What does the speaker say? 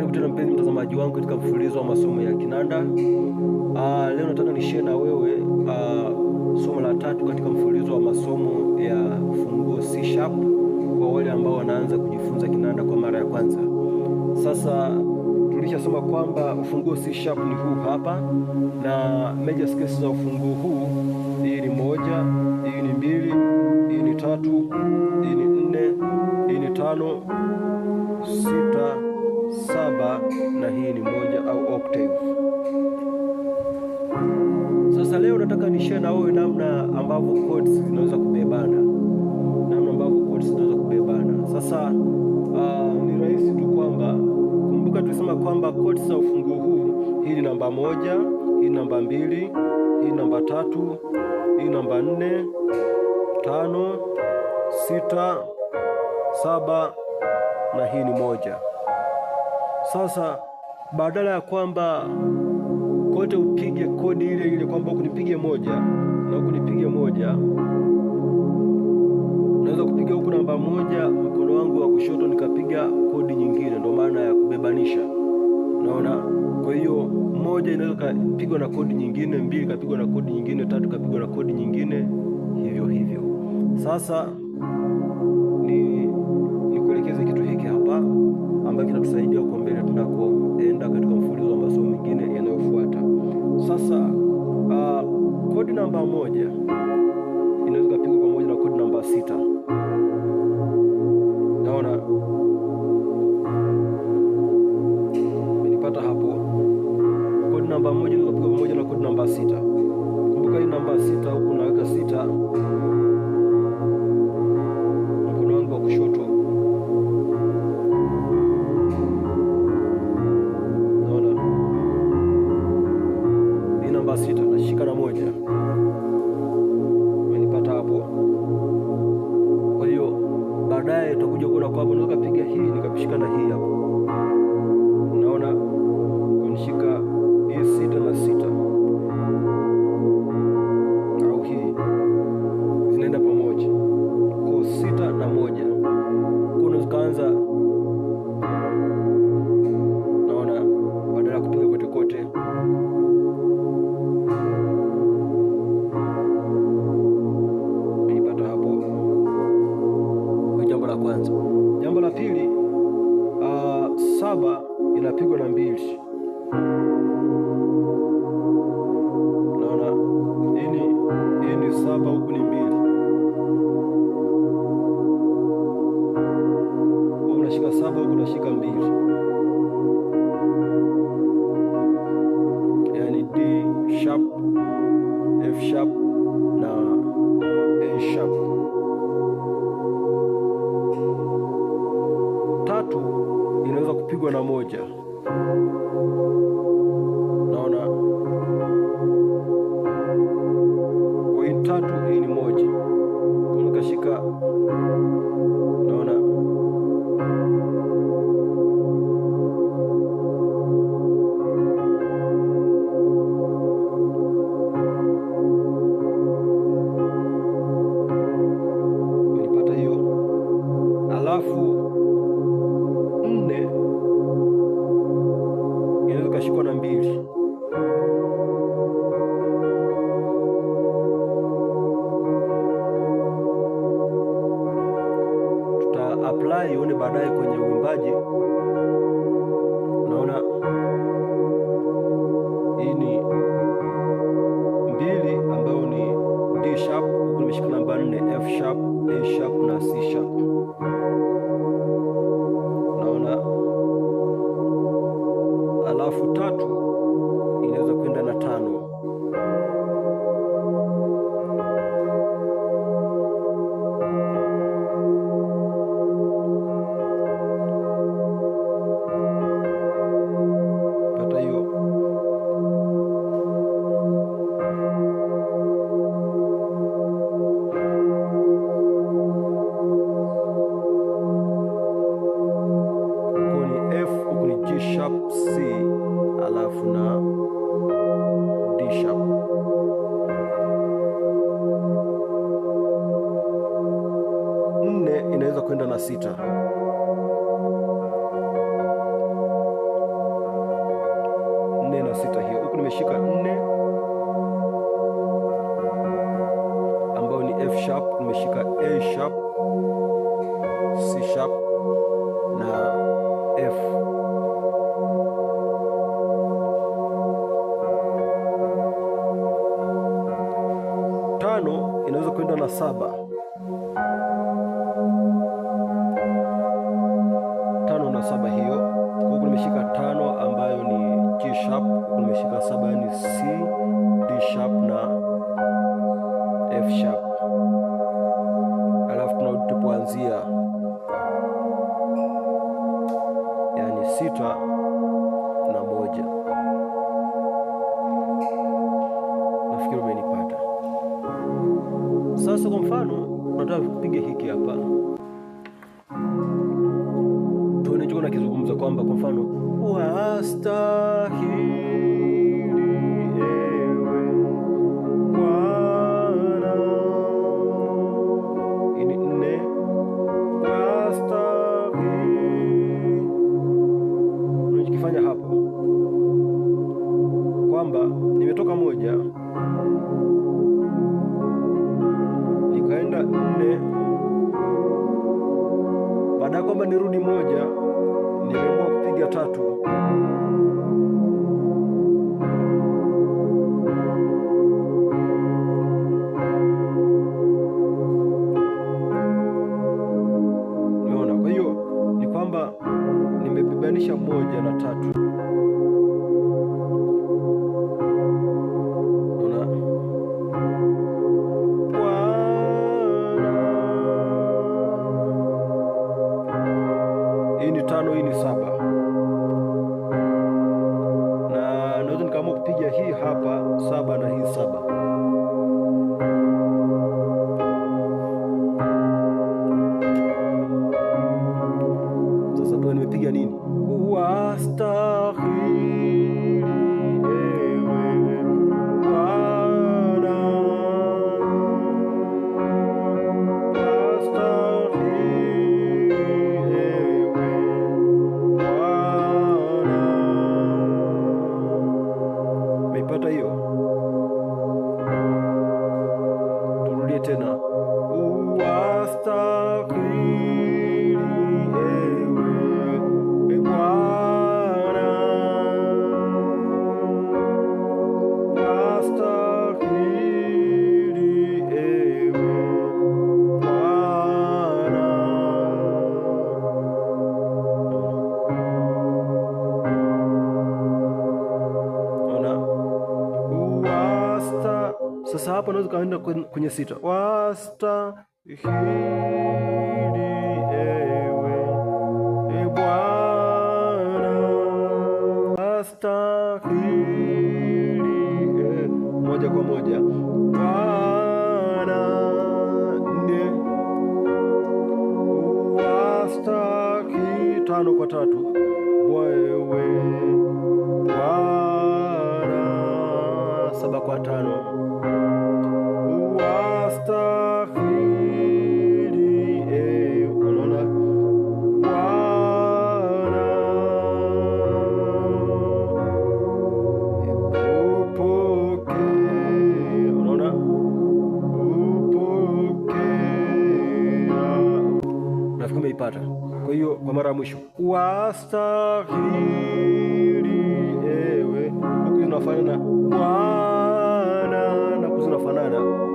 Karibu tena mpenzi mtazamaji wangu katika mfululizo wa masomo ya kinanda. Uh, leo nataka share na wewe uh, somo la tatu katika mfululizo wa masomo ya funguo C sharp kwa wale ambao wanaanza kujifunza kinanda kwa mara ya kwanza. Sasa tulishasoma kwamba ufunguo C sharp ni huu hapa, na major scales za ufunguo huu, hii ni moja, hii ni mbili, hii ni tatu, hii ni nne, hii ni tano, sita saba na hii ni moja au octave. Sasa leo nataka share na wewe namna ambavyo chords zinaweza kubebana, namna ambavyo chords zinaweza kubebana. Sasa uh, ni rahisi tu kwamba kumbuka, tulisema kwamba chords za ufunguo huu, hii ni namba moja, hii namba mbili, hii namba tatu, hii namba nne, tano, sita, saba na hii ni moja. Sasa badala ya kwamba kote upige kodi ile ile kwamba kunipige moja na huku moja, naweza kupiga huku namba moja, mkono wangu wa kushoto nikapiga kodi nyingine. Ndio maana ya kubebanisha, unaona. Kwa hiyo moja inaweza kapigwa na kodi nyingine, mbili kapigwa na kodi nyingine, tatu kapigwa na kodi nyingine, hivyo hivyo sasa namba moja inaweza kupigwa pamoja na kodi namba sita. Naona nipata hapo. Kodi namba moja inaweza kupigwa pamoja na kodi namba sita. Kumbuka hii namba sita, huku unaweka sita mkono wangu wa kushoto naona hii namba sita nashika na moja unakuwa unaweza kupiga hii nikapishikana hii hapo saba inapigwa na mbili. Naona hii ni saba, huku ni mbili, huku nashika saba, huku unashika mbili, yaani D sharp, F sharp na A sharp tatu inaweza kupigwa na moja. Naona kwa tatu, hii ni moja, nikashika baadaye kwenye uimbaji unaona hii ni mbili ambayo ni D sharp, huku nimeshika namba 4 F sharp, A sharp na C sharp. na sita hiyo, huku nimeshika nne ambayo ni F sharp, nimeshika A sharp, C sharp na F. Tano inaweza kwenda na saba sharp na F sharp, alafu tunarudi tupoanzia, yaani sita na moja. Nafikiri umenipata. Sasa kwa mfano, tunataka kupiga hiki hapa, tuone chukua na kizungumza kwamba kwa mfano wastahi moja, nimeamua kupiga tatu. Umeona? Kwa hiyo ni kwamba nimebibanisha moja na tatu. hii hapa saba na hii saba. hapo unaweza ukaenda kwenye sita, wastahili ewe e Bwana, wastahili e, moja kwa moja Bwana nne, wastahili tano kwa tatu, wewe Bwana saba kwa tano umeipata. Kwa hiyo kwa mara ya mwisho, wastahili ewe, nakuzi nafanana Bwana, nakuzi nafanana